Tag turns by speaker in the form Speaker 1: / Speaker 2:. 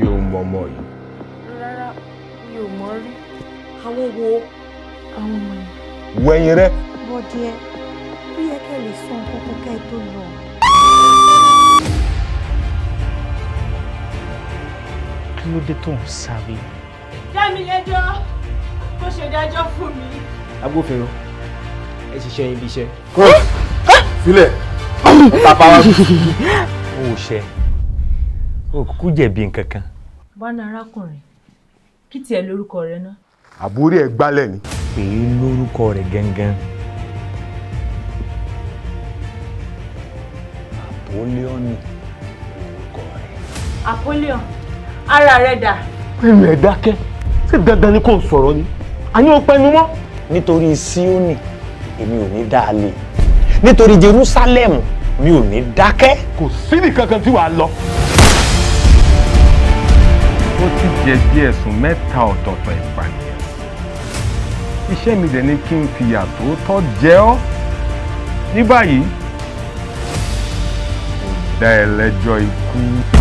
Speaker 1: ṣé o mọ ọmọ yìí. rárá mi ò mọ rí àwọn wo àwọn ọmọ yìí. wẹ̀yìn rẹ. bọ́dẹ ó yẹ kẹ́ lè sọ nǹkan kan kẹ́ ẹ tó lọ. kí ló dé tó ń sáré. dámi lẹ́jọ́ kó ṣe dájọ́ fún mi. agbófinró ẹ ṣiṣẹ́ yín bí iṣẹ́. kó filẹ̀ bàbá wa. o ò ṣe o kúkú jẹ̀bi nǹkan kan. bánà arákùnrin kí tiẹ̀ lórúkọ rẹ ná. àbúrò ẹ̀ gbálẹ̀ ni. pè é lórúkọ rẹ̀ gangan. Napoleon ni orúkọ rẹ̀. Napoleon ara rẹ̀ dà. ẹnu ẹ̀ dákẹ́ ṣé dandan ni kò ń sọ̀rọ̀ ni àní ó pẹnu mọ́. nítorí Síónì èmi ò ní dáa lé nítorí Jerúsálẹ́mù mi ò ní dákẹ́. kò sí nìkan kan tí wàá lọ jẹ̀bi ẹ̀sùn mẹ́ta ọ̀tọ̀ọ̀tọ̀ ìpànìyàn iṣẹ́ mi dẹ̀ ni kí n fìyà tó tọ́ jẹ ọ́ ní báyìí kò dá ẹlẹ́jọ́ ikú.